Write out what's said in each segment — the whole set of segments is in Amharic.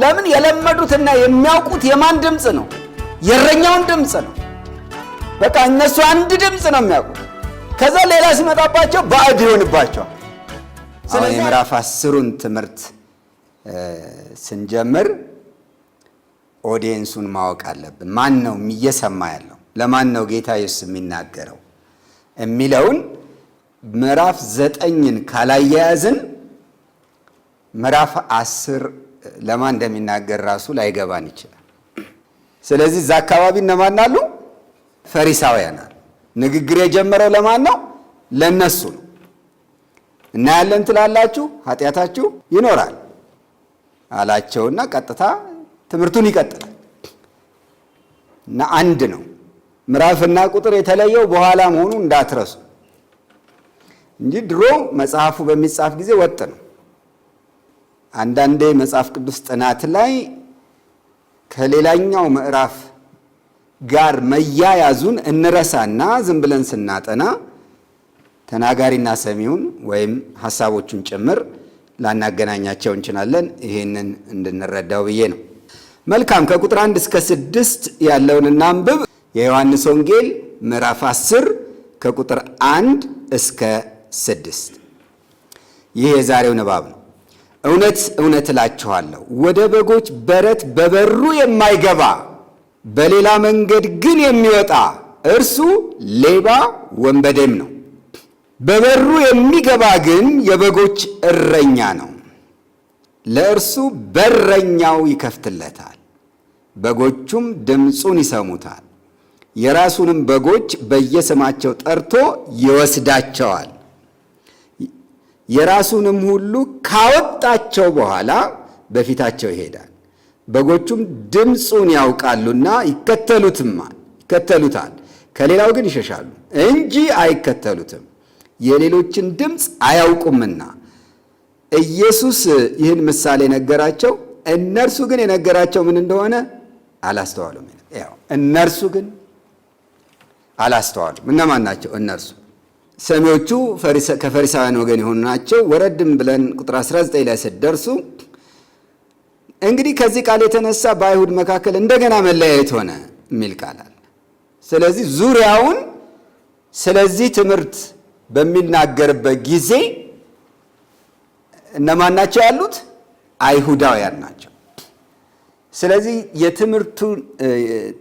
ለምን የለመዱትና የሚያውቁት የማን ድምፅ ነው? የእረኛውን ድምፅ ነው። በቃ እነሱ አንድ ድምፅ ነው የሚያውቁት። ከዛ ሌላ ሲመጣባቸው ባዕድ ይሆንባቸዋል። አሁን የምዕራፍ አስሩን ትምህርት ስንጀምር ኦዲየንሱን ማወቅ አለብን። ማን ነው እየሰማ ያለው? ለማን ነው ጌታ ኢየሱስ የሚናገረው የሚለውን ምዕራፍ ዘጠኝን ካላያያዝን ምዕራፍ አስር ለማን እንደሚናገር ራሱ ላይገባን ይችላል። ስለዚህ እዛ አካባቢ እነማን አሉ? ፈሪሳውያን አሉ። ንግግር የጀመረው ለማን ነው? ለነሱ ነው። እናያለን ትላላችሁ፣ ኃጢአታችሁ ይኖራል አላቸውና ቀጥታ ትምህርቱን ይቀጥላል እና አንድ ነው። ምዕራፍና ቁጥር የተለየው በኋላ መሆኑ እንዳትረሱ እንጂ ድሮ መጽሐፉ በሚጻፍ ጊዜ ወጥ ነው። አንዳንዴ መጽሐፍ ቅዱስ ጥናት ላይ ከሌላኛው ምዕራፍ ጋር መያያዙን እንረሳና ዝም ብለን ስናጠና ተናጋሪና ሰሚውን ወይም ሀሳቦቹን ጭምር ላናገናኛቸው እንችላለን። ይህንን እንድንረዳው ብዬ ነው። መልካም ከቁጥር አንድ እስከ ስድስት ያለውን እናንብብ። የዮሐንስ ወንጌል ምዕራፍ አስር ከቁጥር አንድ እስከ ስድስት ይህ የዛሬው ንባብ ነው። እውነት እውነት እላችኋለሁ ወደ በጎች በረት በበሩ የማይገባ በሌላ መንገድ ግን የሚወጣ እርሱ ሌባ ወንበዴም ነው። በበሩ የሚገባ ግን የበጎች እረኛ ነው። ለእርሱ በረኛው ይከፍትለታል፣ በጎቹም ድምፁን ይሰሙታል። የራሱንም በጎች በየስማቸው ጠርቶ ይወስዳቸዋል። የራሱንም ሁሉ ካወጣቸው በኋላ በፊታቸው ይሄዳል። በጎቹም ድምፁን ያውቃሉና ይከተሉትማል ይከተሉታል። ከሌላው ግን ይሸሻሉ እንጂ አይከተሉትም፣ የሌሎችን ድምፅ አያውቁምና። ኢየሱስ ይህን ምሳሌ ነገራቸው። እነርሱ ግን የነገራቸው ምን እንደሆነ አላስተዋሉም። እነርሱ ግን አላስተዋሉም። እነማን ናቸው እነርሱ? ሰሚዎቹ ከፈሪሳውያን ወገን የሆኑ ናቸው። ወረድም ብለን ቁጥር 19 ላይ ስደርሱ እንግዲህ ከዚህ ቃል የተነሳ በአይሁድ መካከል እንደገና መለያየት ሆነ የሚል ቃል አለ። ስለዚህ ዙሪያውን ስለዚህ ትምህርት በሚናገርበት ጊዜ እነማን ናቸው ያሉት? አይሁዳውያን ናቸው። ስለዚህ የትምህርቱ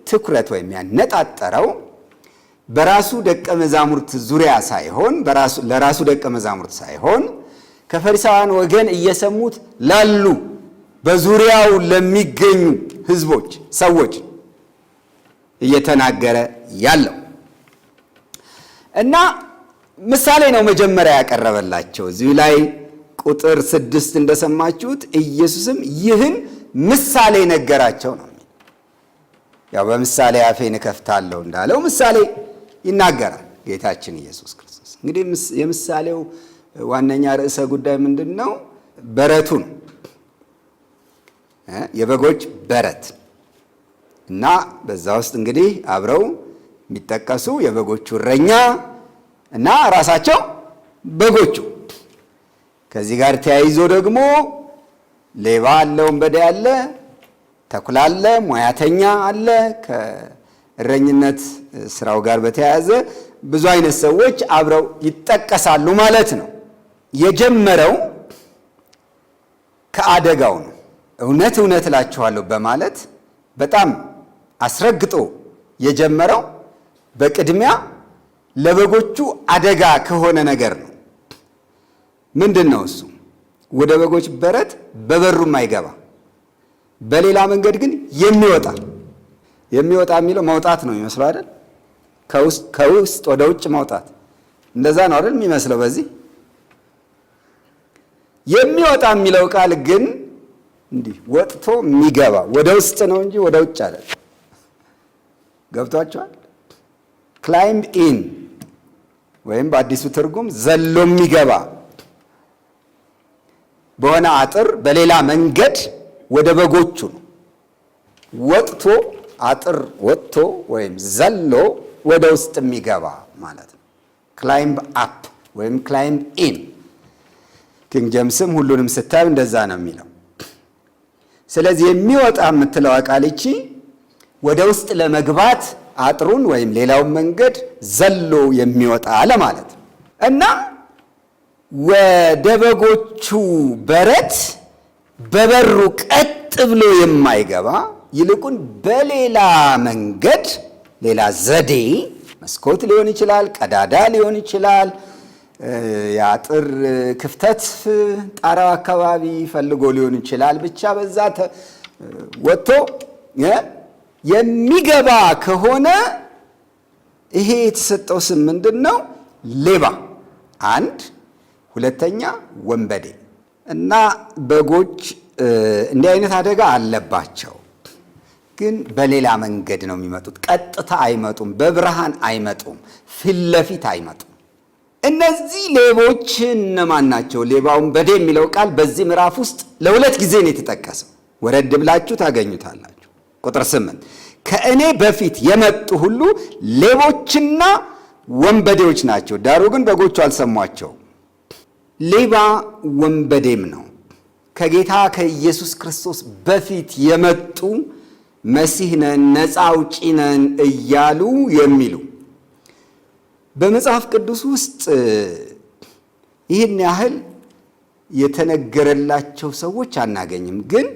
ትኩረት ወይም ያነጣጠረው በራሱ ደቀ መዛሙርት ዙሪያ ሳይሆን ለራሱ ደቀ መዛሙርት ሳይሆን ከፈሪሳውያን ወገን እየሰሙት ላሉ በዙሪያው ለሚገኙ ህዝቦች ሰዎች እየተናገረ ያለው እና ምሳሌ ነው መጀመሪያ ያቀረበላቸው። እዚሁ ላይ ቁጥር ስድስት እንደሰማችሁት ኢየሱስም ይህን ምሳሌ ነገራቸው ነው። ያው በምሳሌ አፌን እከፍታለሁ እንዳለው ምሳሌ ይናገራል ጌታችን ኢየሱስ ክርስቶስ። እንግዲህ የምሳሌው ዋነኛ ርዕሰ ጉዳይ ምንድን ነው? በረቱ ነው። የበጎች በረት እና በዛ ውስጥ እንግዲህ አብረው የሚጠቀሱ የበጎቹ እረኛ እና ራሳቸው በጎቹ። ከዚህ ጋር ተያይዞ ደግሞ ሌባ አለ፣ ወንበዴ አለ፣ ተኩላ አለ፣ ሙያተኛ አለ እረኝነት ስራው ጋር በተያያዘ ብዙ አይነት ሰዎች አብረው ይጠቀሳሉ ማለት ነው። የጀመረው ከአደጋው ነው። እውነት እውነት እላችኋለሁ በማለት በጣም አስረግጦ የጀመረው በቅድሚያ ለበጎቹ አደጋ ከሆነ ነገር ነው። ምንድን ነው እሱ? ወደ በጎች በረት በበሩም አይገባ፣ በሌላ መንገድ ግን የሚወጣ የሚወጣ የሚለው መውጣት ነው የሚመስለው አይደል? ከውስጥ ወደ ውጭ መውጣት እንደዛ ነው አይደል የሚመስለው። በዚህ የሚወጣ የሚለው ቃል ግን እንዲህ ወጥቶ የሚገባ ወደ ውስጥ ነው እንጂ ወደ ውጭ አይደል። ገብቷቸዋል። ክላይምብ ኢን ወይም በአዲሱ ትርጉም ዘሎ የሚገባ በሆነ አጥር በሌላ መንገድ ወደ በጎቹ ነው ወጥቶ አጥር ወጥቶ ወይም ዘሎ ወደ ውስጥ የሚገባ ማለት ነው። ክላይምብ አፕ ወይም ክላይምብ ኢን። ኪንግ ጀምስም ሁሉንም ስታይ እንደዛ ነው የሚለው። ስለዚህ የሚወጣ የምትለው ቃልቺ ወደ ውስጥ ለመግባት አጥሩን ወይም ሌላውን መንገድ ዘሎ የሚወጣ ለማለት ነው እና ወደ በጎቹ በረት በበሩ ቀጥ ብሎ የማይገባ ይልቁን በሌላ መንገድ ሌላ ዘዴ መስኮት ሊሆን ይችላል፣ ቀዳዳ ሊሆን ይችላል፣ የአጥር ክፍተት ጣራው አካባቢ ፈልጎ ሊሆን ይችላል። ብቻ በዛ ወጥቶ የሚገባ ከሆነ ይሄ የተሰጠው ስም ምንድን ነው? ሌባ አንድ፣ ሁለተኛ ወንበዴ እና በጎች እንዲህ አይነት አደጋ አለባቸው። ግን በሌላ መንገድ ነው የሚመጡት። ቀጥታ አይመጡም፣ በብርሃን አይመጡም፣ ፊት ለፊት አይመጡም። እነዚህ ሌቦች እነማን ናቸው? ሌባውን በዴ የሚለው ቃል በዚህ ምዕራፍ ውስጥ ለሁለት ጊዜ ነው የተጠቀሰው። ወረድ ብላችሁ ታገኙታላችሁ። ቁጥር ስምንት ከእኔ በፊት የመጡ ሁሉ ሌቦችና ወንበዴዎች ናቸው፣ ዳሩ ግን በጎቹ አልሰሟቸውም። ሌባ ወንበዴም ነው። ከጌታ ከኢየሱስ ክርስቶስ በፊት የመጡ መሲህ ነን፣ ነፃ አውጪ ነን እያሉ የሚሉ በመጽሐፍ ቅዱስ ውስጥ ይህን ያህል የተነገረላቸው ሰዎች አናገኝም። ግን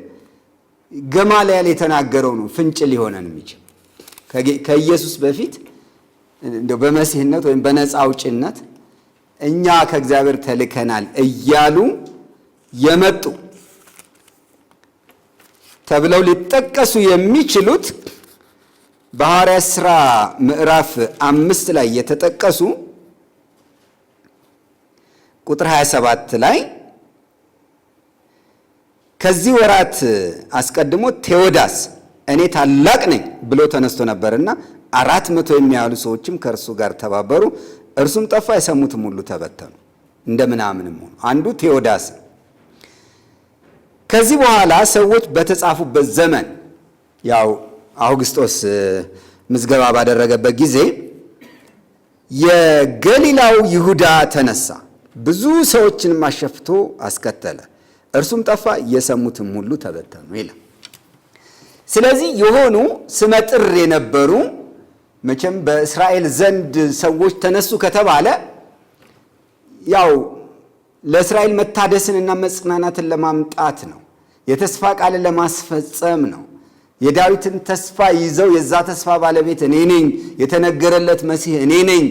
ገማልያል የተናገረው ነው ፍንጭ ሊሆነን የሚችል ከኢየሱስ በፊት በመሲህነት ወይም በነፃ አውጭነት እኛ ከእግዚአብሔር ተልከናል እያሉ የመጡ ተብለው ሊጠቀሱ የሚችሉት በሐዋርያ ሥራ ምዕራፍ አምስት ላይ የተጠቀሱ ቁጥር 27 ላይ ከዚህ ወራት አስቀድሞ ቴዎዳስ እኔ ታላቅ ነኝ ብሎ ተነስቶ ነበርና አራት መቶ የሚያሉ ሰዎችም ከእርሱ ጋር ተባበሩ። እርሱም ጠፋ፣ የሰሙትም ሁሉ ተበተኑ። እንደ ምናምንም ሆኑ። አንዱ ቴዎዳስ ከዚህ በኋላ ሰዎች በተጻፉበት ዘመን ያው አውግስጦስ ምዝገባ ባደረገበት ጊዜ የገሊላው ይሁዳ ተነሳ፣ ብዙ ሰዎችንም አሸፍቶ አስከተለ። እርሱም ጠፋ፣ የሰሙትም ሁሉ ተበተኑ ይላል። ስለዚህ የሆኑ ስመጥር የነበሩ መቼም በእስራኤል ዘንድ ሰዎች ተነሱ ከተባለ ያው ለእስራኤል መታደስንና መጽናናትን ለማምጣት ነው። የተስፋ ቃልን ለማስፈጸም ነው። የዳዊትን ተስፋ ይዘው የዛ ተስፋ ባለቤት እኔ ነኝ፣ የተነገረለት መሲህ እኔ ነኝ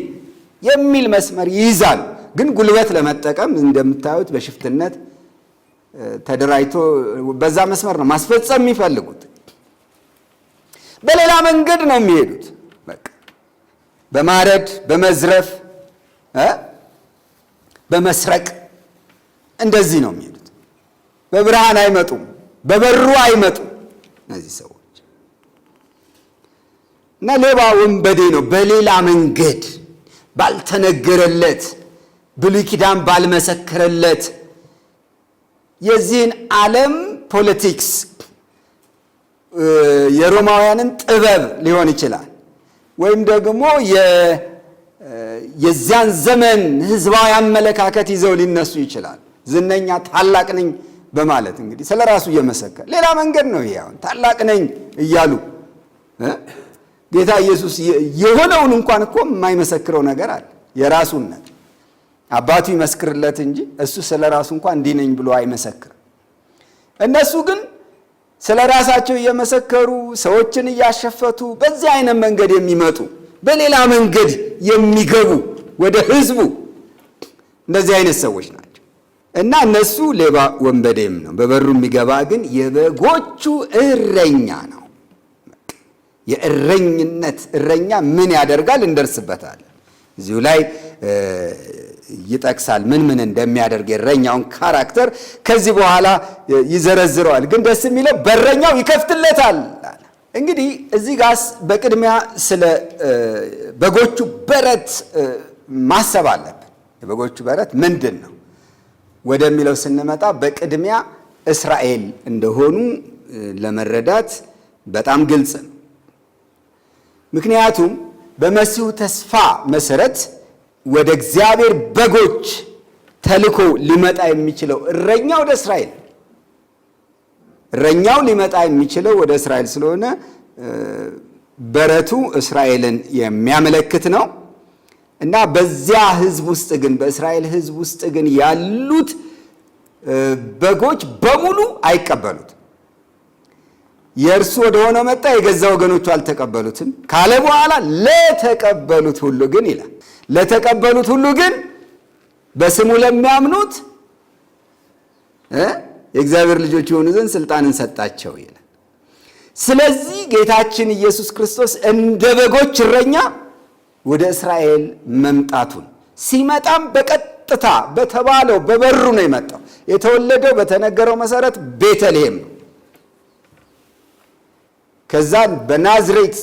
የሚል መስመር ይይዛል። ግን ጉልበት ለመጠቀም እንደምታዩት በሽፍትነት ተደራጅቶ በዛ መስመር ነው ማስፈጸም የሚፈልጉት። በሌላ መንገድ ነው የሚሄዱት። በማረድ በመዝረፍ በመስረቅ እንደዚህ ነው የሚሄዱት። በብርሃን አይመጡም፣ በበሩ አይመጡም እነዚህ ሰዎች እና ሌባ ወንበዴ ነው። በሌላ መንገድ ባልተነገረለት፣ ብሉይ ኪዳን ባልመሰከረለት የዚህን ዓለም ፖለቲክስ የሮማውያንን ጥበብ ሊሆን ይችላል ወይም ደግሞ የዚያን ዘመን ህዝባዊ አመለካከት ይዘው ሊነሱ ይችላል። ዝነኛ ታላቅ ነኝ በማለት እንግዲህ ስለ ራሱ እየመሰከ ሌላ መንገድ ነው ይሄ። አሁን ታላቅ ነኝ እያሉ ጌታ ኢየሱስ የሆነውን እንኳን እኮ የማይመሰክረው ነገር አለ። የራሱን ነገር አባቱ ይመስክርለት እንጂ እሱ ስለ ራሱ እንኳን እንዲህ ነኝ ብሎ አይመሰክርም። እነሱ ግን ስለ ራሳቸው እየመሰከሩ ሰዎችን እያሸፈቱ በዚህ አይነት መንገድ የሚመጡ በሌላ መንገድ የሚገቡ ወደ ህዝቡ እንደዚህ አይነት ሰዎች ናቸው። እና እነሱ ሌባ ወንበዴም ነው። በበሩ የሚገባ ግን የበጎቹ እረኛ ነው። የእረኝነት እረኛ ምን ያደርጋል? እንደርስበታለን። እዚሁ ላይ ይጠቅሳል ምን ምን እንደሚያደርግ የእረኛውን ካራክተር ከዚህ በኋላ ይዘረዝረዋል። ግን ደስ የሚለው በረኛው ይከፍትለታል። እንግዲህ እዚህ ጋስ በቅድሚያ ስለ በጎቹ በረት ማሰብ አለብን። የበጎቹ በረት ምንድን ነው? ወደሚለው ስንመጣ በቅድሚያ እስራኤል እንደሆኑ ለመረዳት በጣም ግልጽ ነው። ምክንያቱም በመሲሁ ተስፋ መሰረት ወደ እግዚአብሔር በጎች ተልኮ ሊመጣ የሚችለው እረኛ ወደ እስራኤል እረኛው ሊመጣ የሚችለው ወደ እስራኤል ስለሆነ በረቱ እስራኤልን የሚያመለክት ነው። እና በዚያ ህዝብ ውስጥ ግን በእስራኤል ህዝብ ውስጥ ግን ያሉት በጎች በሙሉ አይቀበሉት። የእርሱ ወደሆነው መጣ፣ የገዛ ወገኖቹ አልተቀበሉትም ካለ በኋላ ለተቀበሉት ሁሉ ግን ይላል ለተቀበሉት ሁሉ ግን በስሙ ለሚያምኑት የእግዚአብሔር ልጆች የሆኑ ዘንድ ስልጣንን ሰጣቸው ይላል። ስለዚህ ጌታችን ኢየሱስ ክርስቶስ እንደ በጎች እረኛ ወደ እስራኤል መምጣቱን ሲመጣም በቀጥታ በተባለው በበሩ ነው የመጣው። የተወለደው በተነገረው መሰረት ቤተልሔም ነው። ከዛ በናዝሬት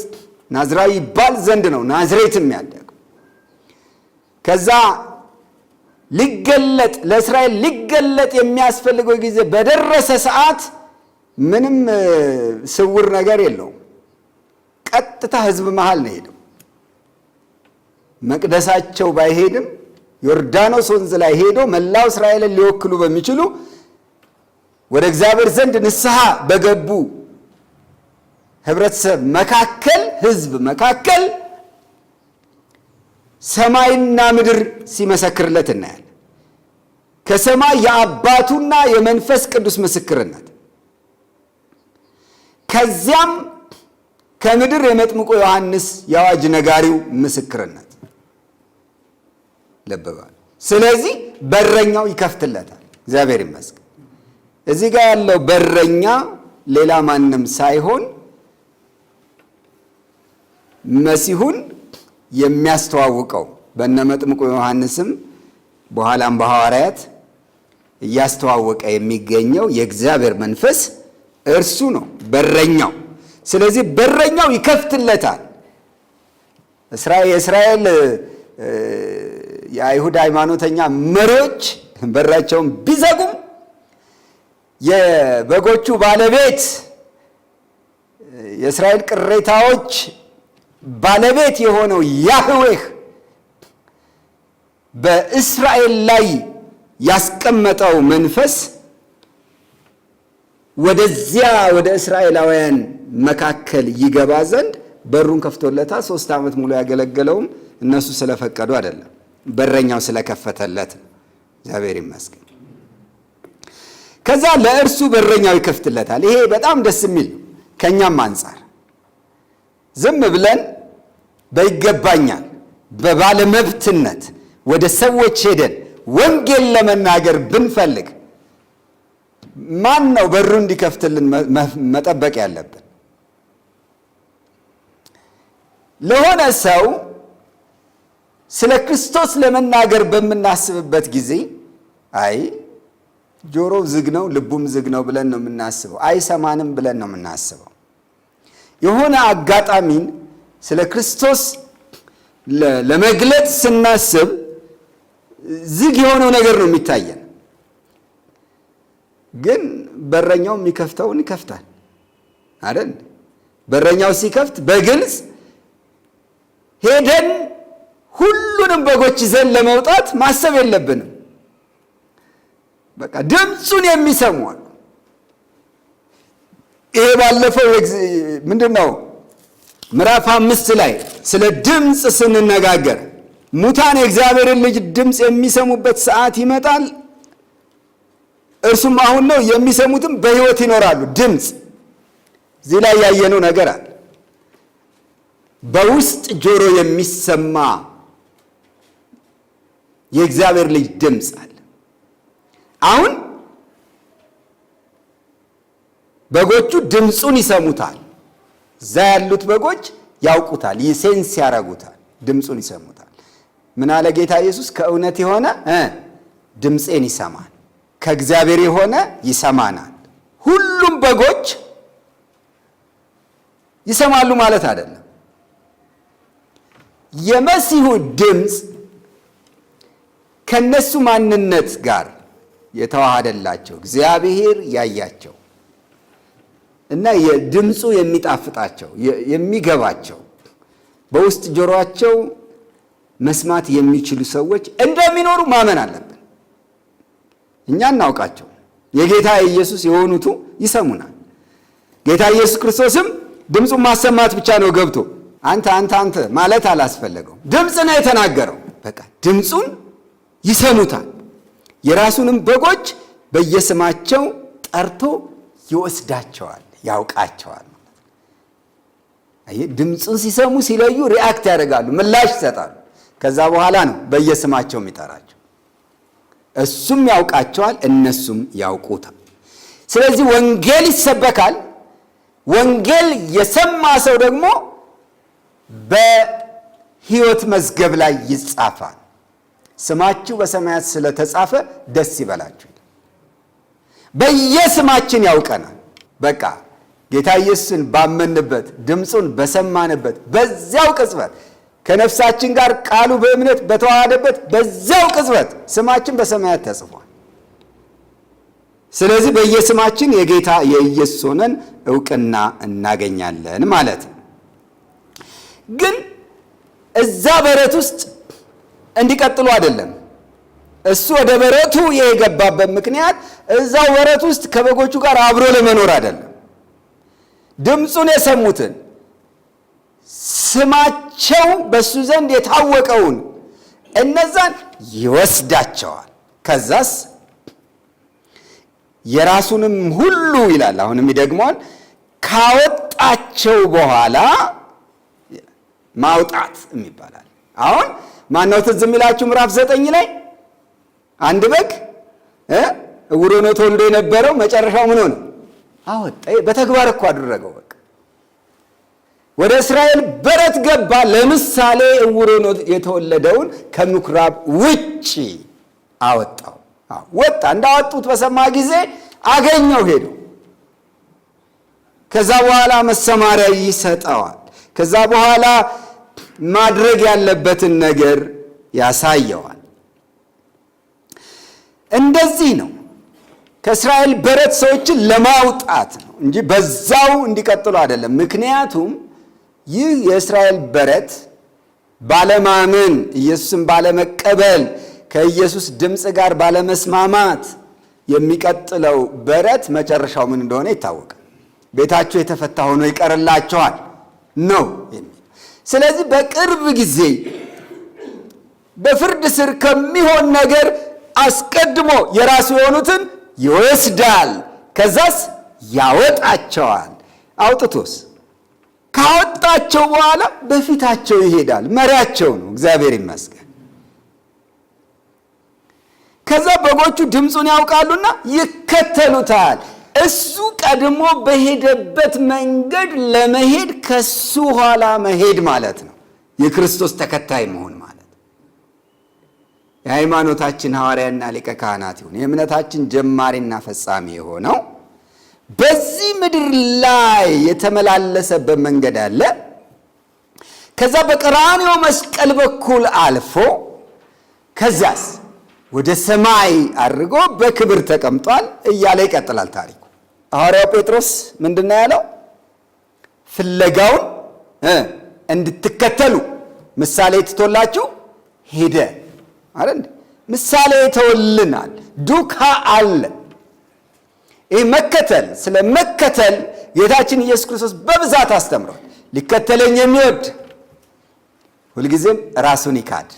ናዝራዊ ይባል ዘንድ ነው ናዝሬትም ያደገው። ከዛ ሊገለጥ ለእስራኤል ሊገለጥ የሚያስፈልገው ጊዜ በደረሰ ሰዓት ምንም ስውር ነገር የለውም። ቀጥታ ህዝብ መሃል ነው ሄደው መቅደሳቸው ባይሄድም ዮርዳኖስ ወንዝ ላይ ሄዶ መላው እስራኤልን ሊወክሉ በሚችሉ ወደ እግዚአብሔር ዘንድ ንስሐ በገቡ ህብረተሰብ መካከል ህዝብ መካከል ሰማይና ምድር ሲመሰክርለት እናያለን። ከሰማይ የአባቱና የመንፈስ ቅዱስ ምስክርነት፣ ከዚያም ከምድር የመጥምቆ ዮሐንስ የአዋጅ ነጋሪው ምስክርነት ለብባል። ስለዚህ በረኛው ይከፍትለታል። እግዚአብሔር ይመስገን። እዚህ ጋር ያለው በረኛ ሌላ ማንም ሳይሆን መሲሁን የሚያስተዋውቀው በነመጥምቁ ዮሐንስም በኋላም በሐዋርያት እያስተዋወቀ የሚገኘው የእግዚአብሔር መንፈስ እርሱ ነው በረኛው። ስለዚህ በረኛው ይከፍትለታል። የእስራኤል የአይሁድ ሃይማኖተኛ መሪዎች በራቸውን ቢዘጉም የበጎቹ ባለቤት የእስራኤል ቅሬታዎች ባለቤት የሆነው ያህዌህ በእስራኤል ላይ ያስቀመጠው መንፈስ ወደዚያ ወደ እስራኤላውያን መካከል ይገባ ዘንድ በሩን ከፍቶለታ ሶስት ዓመት ሙሉ ያገለገለውም እነሱ ስለፈቀዱ አይደለም። በረኛው ስለከፈተለት እግዚአብሔር ይመስገን። ከዛ ለእርሱ በረኛው ይከፍትለታል። ይሄ በጣም ደስ የሚል ነው። ከእኛም አንጻር ዝም ብለን በይገባኛል በባለመብትነት ወደ ሰዎች ሄደን ወንጌል ለመናገር ብንፈልግ ማን ነው በሩ እንዲከፍትልን መጠበቅ ያለብን? ለሆነ ሰው ስለ ክርስቶስ ለመናገር በምናስብበት ጊዜ አይ ጆሮው ዝግ ነው፣ ልቡም ዝግ ነው ብለን ነው የምናስበው። አይሰማንም ብለን ነው የምናስበው። የሆነ አጋጣሚን ስለ ክርስቶስ ለመግለጽ ስናስብ ዝግ የሆነው ነገር ነው የሚታየን። ግን በረኛው የሚከፍተውን ይከፍታል አይደል? በረኛው ሲከፍት በግልጽ ሄደን ሁሉንም በጎች ይዘን ለመውጣት ማሰብ የለብንም። በቃ ድምፁን የሚሰሙ ይሄ ባለፈው ምንድን ነው ምዕራፍ አምስት ላይ ስለ ድምፅ ስንነጋገር ሙታን የእግዚአብሔርን ልጅ ድምፅ የሚሰሙበት ሰዓት ይመጣል፣ እርሱም አሁን ነው፣ የሚሰሙትም በሕይወት ይኖራሉ። ድምፅ እዚህ ላይ ያየነው ነገር አለ። በውስጥ ጆሮ የሚሰማ የእግዚአብሔር ልጅ ድምፅ አለ። አሁን በጎቹ ድምፁን ይሰሙታል። እዛ ያሉት በጎች ያውቁታል፣ ይሴንስ ያረጉታል፣ ድምፁን ይሰሙታል። ምን አለ ጌታ ኢየሱስ? ከእውነት የሆነ ድምፄን ይሰማል፣ ከእግዚአብሔር የሆነ ይሰማናል። ሁሉም በጎች ይሰማሉ ማለት አይደለም። የመሲሁ ድምፅ ከነሱ ማንነት ጋር የተዋሃደላቸው እግዚአብሔር ያያቸው እና የድምፁ የሚጣፍጣቸው የሚገባቸው በውስጥ ጆሮቸው መስማት የሚችሉ ሰዎች እንደሚኖሩ ማመን አለብን። እኛ እናውቃቸው። የጌታ ኢየሱስ የሆኑቱ ይሰሙናል። ጌታ ኢየሱስ ክርስቶስም ድምፁን ማሰማት ብቻ ነው ገብቶ አንተ አንተ አንተ ማለት አላስፈለገው። ድምፅ ነው የተናገረው። በቃ ድምፁን ይሰሙታል። የራሱንም በጎች በየስማቸው ጠርቶ ይወስዳቸዋል፣ ያውቃቸዋል። ድምፁን ሲሰሙ ሲለዩ ሪአክት ያደርጋሉ፣ ምላሽ ይሰጣሉ። ከዛ በኋላ ነው በየስማቸው የሚጠራቸው። እሱም ያውቃቸዋል፣ እነሱም ያውቁታል። ስለዚህ ወንጌል ይሰበካል። ወንጌል የሰማ ሰው ደግሞ በሕይወት መዝገብ ላይ ይጻፋል። ስማችሁ በሰማያት ስለተጻፈ ደስ ይበላችሁ። በየስማችን ያውቀናል። በቃ ጌታ ኢየሱስን ባመንበት ድምፁን በሰማንበት በዚያው ቅጽበት ከነፍሳችን ጋር ቃሉ በእምነት በተዋሃደበት በዚያው ቅጽበት ስማችን በሰማያት ተጽፏል። ስለዚህ በየስማችን የጌታ የኢየሱስ ሆነን እውቅና እናገኛለን ማለት ነው። ግን እዛ በረት ውስጥ እንዲቀጥሉ አይደለም። እሱ ወደ በረቱ የገባበት ምክንያት እዛ ወረት ውስጥ ከበጎቹ ጋር አብሮ ለመኖር አይደለም። ድምፁን የሰሙትን ስማቸው በእሱ ዘንድ የታወቀውን እነዛን ይወስዳቸዋል። ከዛስ የራሱንም ሁሉ ይላል። አሁንም ይደግመዋል። ካወጣቸው በኋላ ማውጣት የሚባላል አሁን ማነው ትዝ የሚላችሁ? ምዕራፍ ዘጠኝ ላይ አንድ በግ እውር ሆኖ ተወልዶ የነበረው መጨረሻው ምን ሆነ? አወጣ። በተግባር እኮ አደረገው። በቃ ወደ እስራኤል በረት ገባ። ለምሳሌ እውሮ ነው የተወለደውን ከምኩራብ ውጭ አወጣው። ወጣ። እንዳወጡት በሰማ ጊዜ አገኘው፣ ሄዶ ከዛ በኋላ መሰማሪያ ይሰጠዋል። ከዛ በኋላ ማድረግ ያለበትን ነገር ያሳየዋል። እንደዚህ ነው ከእስራኤል በረት ሰዎችን ለማውጣት ነው እንጂ በዛው እንዲቀጥሉ አይደለም። ምክንያቱም ይህ የእስራኤል በረት ባለማመን፣ ኢየሱስን ባለመቀበል፣ ከኢየሱስ ድምፅ ጋር ባለመስማማት የሚቀጥለው በረት መጨረሻው ምን እንደሆነ ይታወቃል። ቤታቸው የተፈታ ሆኖ ይቀርላቸዋል ነው ስለዚህ በቅርብ ጊዜ በፍርድ ስር ከሚሆን ነገር አስቀድሞ የራሱ የሆኑትን ይወስዳል። ከዛስ ያወጣቸዋል። አውጥቶስ ካወጣቸው በኋላ በፊታቸው ይሄዳል። መሪያቸው ነው። እግዚአብሔር ይመስገን። ከዛ በጎቹ ድምፁን ያውቃሉና ይከተሉታል። እሱ ቀድሞ በሄደበት መንገድ ለመሄድ ከሱ ኋላ መሄድ ማለት ነው። የክርስቶስ ተከታይ መሆን ማለት የሃይማኖታችን ሐዋርያና ሊቀ ካህናት ይሁን የእምነታችን ጀማሪና ፈጻሚ የሆነው በዚህ ምድር ላይ የተመላለሰበት መንገድ አለ። ከዛ በቀራንዮ መስቀል በኩል አልፎ ከዛስ ወደ ሰማይ አድርጎ በክብር ተቀምጧል እያለ ይቀጥላል ታሪኩ። ሐዋርያው ጴጥሮስ ምንድን ነው ያለው? ፍለጋውን እንድትከተሉ ምሳሌ ትቶላችሁ ሄደ አይደል? ምሳሌ ተወልናል። ዱካ አለ። ይህ መከተል ስለ መከተል ጌታችን ኢየሱስ ክርስቶስ በብዛት አስተምሯል። ሊከተለኝ የሚወድ ሁልጊዜም ራሱን ይካድ፣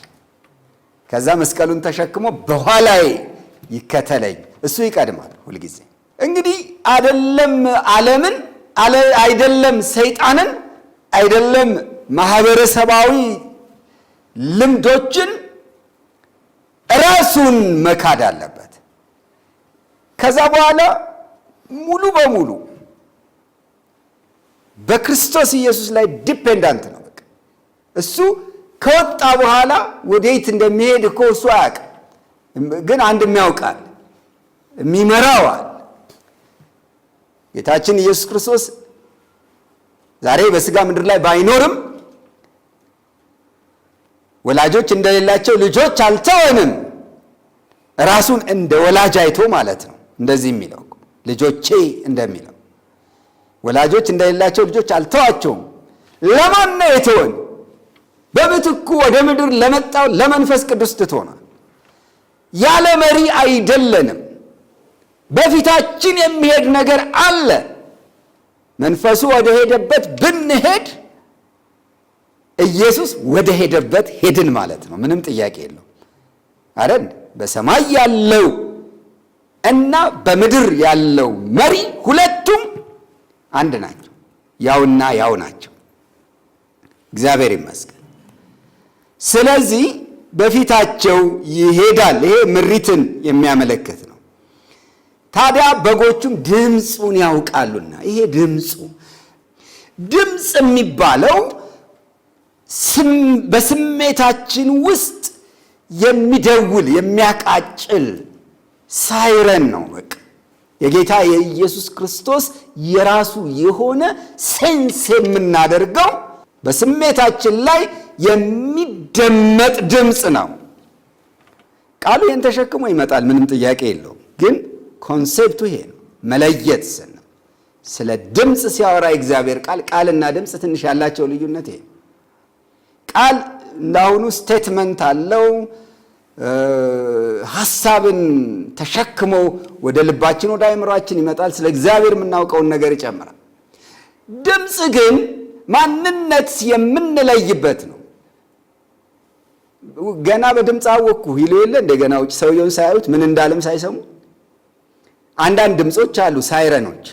ከዛ መስቀሉን ተሸክሞ በኋላዬ ይከተለኝ። እሱ ይቀድማል ሁልጊዜ እንግዲህ አይደለም ዓለምን አይደለም ሰይጣንን አይደለም ማህበረሰባዊ ልምዶችን ራሱን መካድ አለበት። ከዛ በኋላ ሙሉ በሙሉ በክርስቶስ ኢየሱስ ላይ ዲፔንዳንት ነው። በቃ እሱ ከወጣ በኋላ ወዴት እንደሚሄድ እኮ እሱ አያውቅም፣ ግን አንድ የሚያውቃል የሚመራዋል ጌታችን ኢየሱስ ክርስቶስ ዛሬ በስጋ ምድር ላይ ባይኖርም ወላጆች እንደሌላቸው ልጆች አልተወንም። ራሱን እንደ ወላጅ አይቶ ማለት ነው። እንደዚህ የሚለው ልጆቼ እንደሚለው ወላጆች እንደሌላቸው ልጆች አልተዋቸውም። ለማን ነው የተወን? በምትኩ ወደ ምድር ለመጣው ለመንፈስ ቅዱስ ትቶናል። ያለ መሪ አይደለንም። በፊታችን የሚሄድ ነገር አለ። መንፈሱ ወደ ሄደበት ብንሄድ ኢየሱስ ወደ ሄደበት ሄድን ማለት ነው። ምንም ጥያቄ የለው አረን በሰማይ ያለው እና በምድር ያለው መሪ ሁለቱም አንድ ናቸው። ያውና ያው ናቸው። እግዚአብሔር ይመስገን። ስለዚህ በፊታቸው ይሄዳል። ይሄ ምሪትን የሚያመለክት ታዲያ በጎቹም ድምፁን ያውቃሉና ይሄ ድምፁ ድምፅ የሚባለው በስሜታችን ውስጥ የሚደውል የሚያቃጭል ሳይረን ነው። በቃ የጌታ የኢየሱስ ክርስቶስ የራሱ የሆነ ሴንስ የምናደርገው በስሜታችን ላይ የሚደመጥ ድምፅ ነው። ቃሉ ይህን ተሸክሞ ይመጣል። ምንም ጥያቄ የለውም ግን ኮንሴፕቱ ይሄ ነው። መለየት ስን ስለ ድምፅ ሲያወራ እግዚአብሔር ቃል ቃልና ድምፅ ትንሽ ያላቸው ልዩነት ይሄ ነው። ቃል ለአሁኑ ስቴትመንት አለው ሀሳብን ተሸክሞ ወደ ልባችን ወደ አይምሯችን ይመጣል። ስለ እግዚአብሔር የምናውቀውን ነገር ይጨምራል። ድምፅ ግን ማንነት የምንለይበት ነው። ገና በድምፅ አወቅኩ ይሉ የለ እንደገና ውጭ ሰውየውን ሳያዩት ምን እንዳለም ሳይሰሙ አንዳንድ ድምፆች አሉ፣ ሳይረኖች።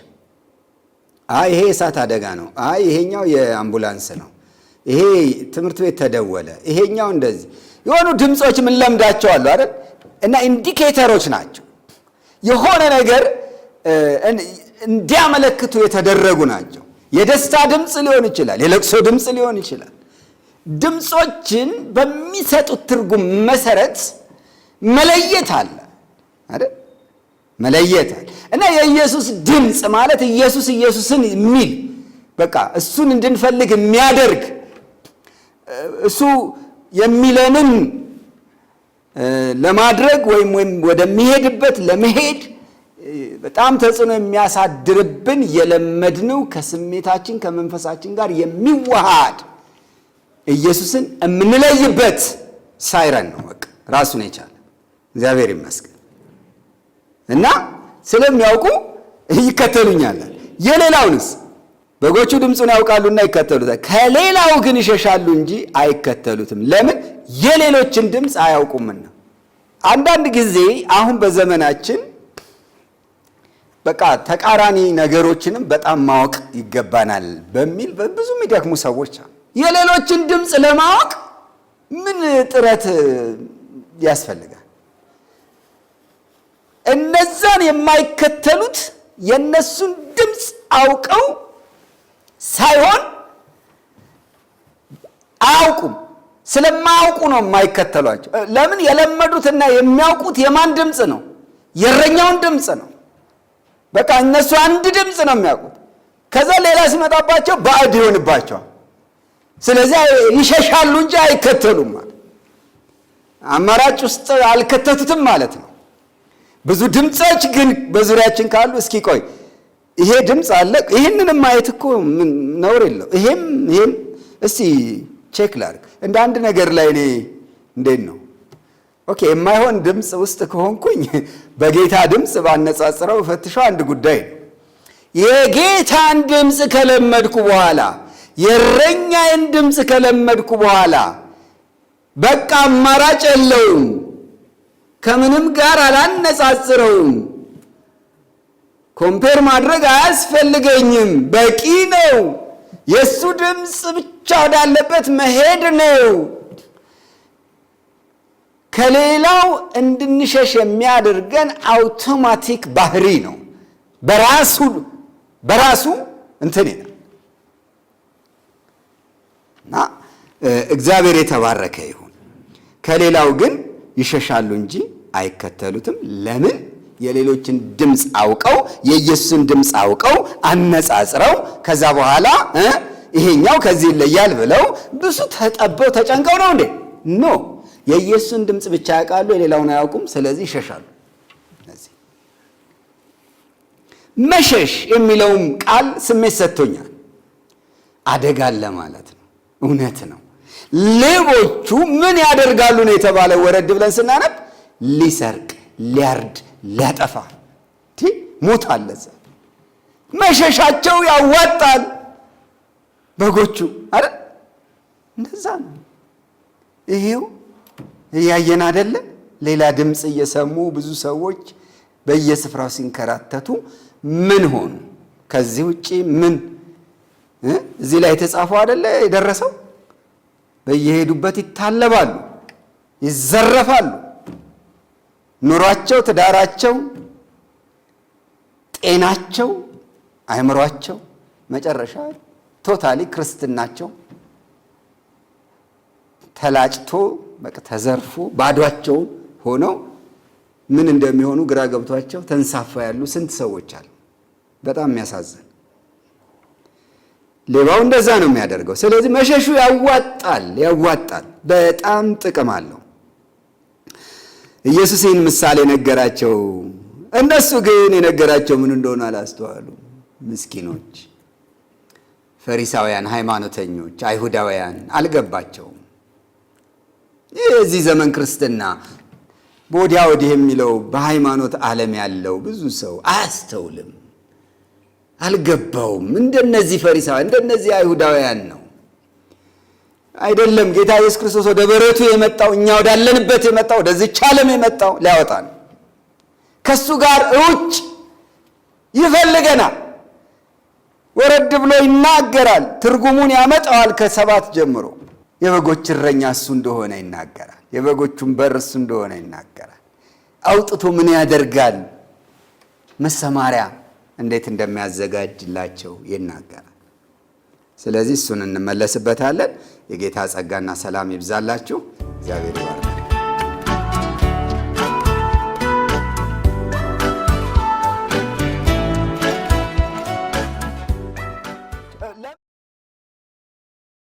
አይ ይሄ የእሳት አደጋ ነው፣ አይ ይሄኛው የአምቡላንስ ነው፣ ይሄ ትምህርት ቤት ተደወለ፣ ይሄኛው እንደዚህ የሆኑ ድምፆች ምን አሉ አይደል? እና ኢንዲኬተሮች ናቸው የሆነ ነገር እንዲያመለክቱ የተደረጉ ናቸው። የደስታ ድምፅ ሊሆን ይችላል፣ የለቅሶ ድምፅ ሊሆን ይችላል። ድምፆችን በሚሰጡት ትርጉም መሰረት መለየት አለ አይደል? መለየት እና የኢየሱስ ድምፅ ማለት ኢየሱስ ኢየሱስን የሚል በቃ እሱን እንድንፈልግ የሚያደርግ እሱ የሚለንን ለማድረግ ወይም ወይም ወደሚሄድበት ለመሄድ በጣም ተጽዕኖ የሚያሳድርብን የለመድነው ከስሜታችን ከመንፈሳችን ጋር የሚዋሃድ ኢየሱስን የምንለይበት ሳይረን ነው። በቃ ራሱን የቻለ እግዚአብሔር ይመስገን። እና ስለሚያውቁ ይከተሉኛል። የሌላውንስ በጎቹ ድምፁን ያውቃሉና ይከተሉታል። ከሌላው ግን ይሸሻሉ እንጂ አይከተሉትም። ለምን? የሌሎችን ድምፅ አያውቁምና። አንዳንድ ጊዜ አሁን በዘመናችን በቃ ተቃራኒ ነገሮችንም በጣም ማወቅ ይገባናል በሚል በብዙ የሚደክሙ ሰዎች የሌሎችን ድምፅ ለማወቅ ምን ጥረት ያስፈልጋል? እነዛን የማይከተሉት የእነሱን ድምፅ አውቀው ሳይሆን አያውቁም። ስለማያውቁ ነው የማይከተሏቸው። ለምን? የለመዱትና የሚያውቁት የማን ድምፅ ነው? የእረኛውን ድምፅ ነው። በቃ እነሱ አንድ ድምፅ ነው የሚያውቁት። ከዛ ሌላ ሲመጣባቸው ባዕድ ይሆንባቸዋል። ስለዚያ ይሸሻሉ እንጂ አይከተሉም። አማራጭ ውስጥ አልከተቱትም ማለት ነው። ብዙ ድምፆች ግን በዙሪያችን ካሉ እስኪ ቆይ ይሄ ድምፅ አለ። ይህንንም ማየት እኮ ነውር የለው። ይሄም ይሄም እስቲ ቼክ ላድርግ። እንደ አንድ ነገር ላይ እኔ እንዴት ነው ኦኬ፣ የማይሆን ድምፅ ውስጥ ከሆንኩኝ በጌታ ድምፅ ባነጻጽረው ፈትሸው አንድ ጉዳይ ነው። የጌታን ድምፅ ከለመድኩ በኋላ የእረኛዬን ድምፅ ከለመድኩ በኋላ በቃ አማራጭ የለውም ከምንም ጋር አላነጻጽረውም። ኮምፔር ማድረግ አያስፈልገኝም። በቂ ነው። የእሱ ድምፅ ብቻ ወዳለበት መሄድ ነው። ከሌላው እንድንሸሽ የሚያደርገን አውቶማቲክ ባህሪ ነው። በራሱ በራሱ እንትን ይላል እና እግዚአብሔር የተባረከ ይሁን። ከሌላው ግን ይሸሻሉ እንጂ አይከተሉትም። ለምን? የሌሎችን ድምፅ አውቀው የኢየሱስን ድምፅ አውቀው አነጻጽረው ከዛ በኋላ ይሄኛው ከዚህ ይለያል ብለው ብዙ ተጠበው ተጨንቀው ነው እንዴ? ኖ የኢየሱስን ድምፅ ብቻ ያውቃሉ፣ የሌላውን አያውቁም። ስለዚህ ይሸሻሉ። መሸሽ የሚለውም ቃል ስሜት ሰጥቶኛል። አደጋ አለ ማለት ነው። እውነት ነው። ሌቦቹ ምን ያደርጋሉ ነው የተባለ ወረድ ብለን ስናነብ ሊሰርቅ፣ ሊያርድ፣ ሊያጠፋ ሞት አለ። እዛ መሸሻቸው ያዋጣል። በጎቹ አረ እንደዛ ነው። ይሄው እያየን አደለ? ሌላ ድምፅ እየሰሙ ብዙ ሰዎች በየስፍራው ሲንከራተቱ ምን ሆኑ? ከዚህ ውጭ ምን እዚህ ላይ የተጻፈው አደለ? የደረሰው በየሄዱበት ይታለባሉ፣ ይዘረፋሉ። ኑሯቸው፣ ትዳራቸው፣ ጤናቸው፣ አእምሯቸው መጨረሻ ቶታሊ ክርስትናቸው ተላጭቶ በቃ ተዘርፎ ባዷቸው ሆነው ምን እንደሚሆኑ ግራ ገብቷቸው ተንሳፋ ያሉ ስንት ሰዎች አሉ። በጣም የሚያሳዝን ሌባው እንደዛ ነው የሚያደርገው። ስለዚህ መሸሹ ያዋጣል፣ ያዋጣል። በጣም ጥቅም አለው። ኢየሱስ ይህን ምሳሌ ነገራቸው። እነሱ ግን የነገራቸው ምን እንደሆነ አላስተዋሉ። ምስኪኖች፣ ፈሪሳውያን፣ ሃይማኖተኞች፣ አይሁዳውያን አልገባቸውም። የዚህ ዘመን ክርስትና በወዲያ ወዲህ የሚለው በሃይማኖት ዓለም ያለው ብዙ ሰው አያስተውልም፣ አልገባውም። እንደነዚህ ፈሪሳውያን እንደነዚህ አይሁዳውያን ነው። አይደለም። ጌታ ኢየሱስ ክርስቶስ ወደ በረቱ የመጣው እኛ ወዳለንበት የመጣው ወደዚች ዓለም የመጣው ሊያወጣን ከእሱ ጋር እውጭ ይፈልገናል። ወረድ ብሎ ይናገራል። ትርጉሙን ያመጣዋል። ከሰባት ጀምሮ የበጎች እረኛ እሱ እንደሆነ ይናገራል። የበጎቹን በር እሱ እንደሆነ ይናገራል። አውጥቶ ምን ያደርጋል? መሰማሪያ እንዴት እንደሚያዘጋጅላቸው ይናገራል። ስለዚህ እሱን እንመለስበታለን። የጌታ ጸጋና ሰላም ይብዛላችሁ። እግዚአብሔር ይባርክ።